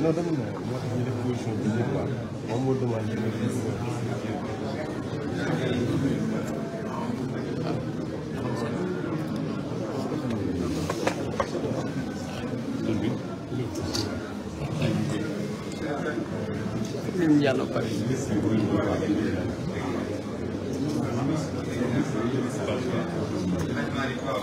non dama ne moo tax ñu def position bi yëpp quoi moom moo demandé yàlla pare waaw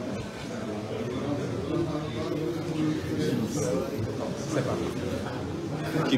c'est pas kii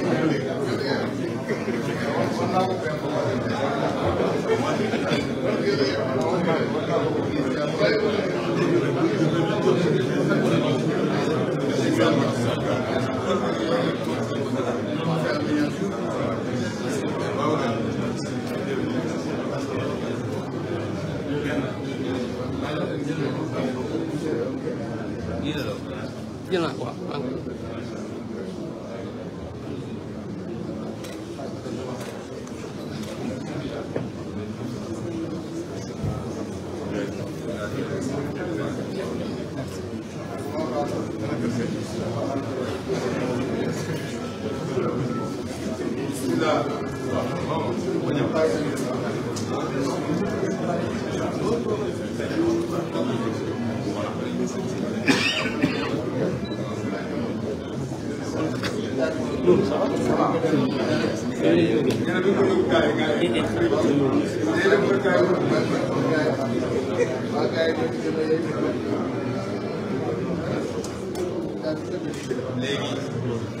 jël naa ko waaw Bismillah léegi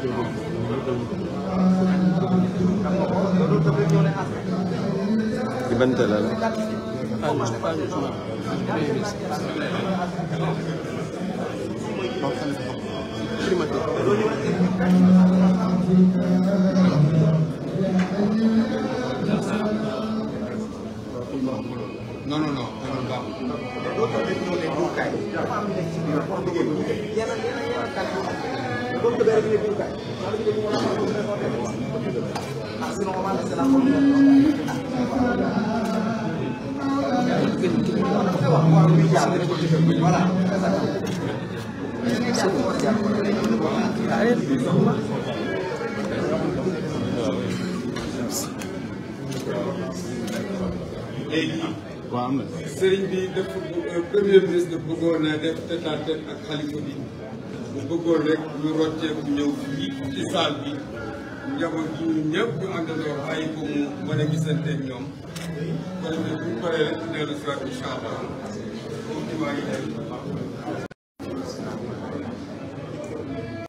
di ban télé la. ah sëriñ bi def premier ministre bëggoon na def tête à tête ak xalifa bi bu bëggoon rek ñu rocceeku ñëw fii ci salle bi njaboot yi ñu ñëpp ñu àndandoo bàyyi ko mu mën a gisante ñoom kon bu ñu paree rek dellu si waat incha allah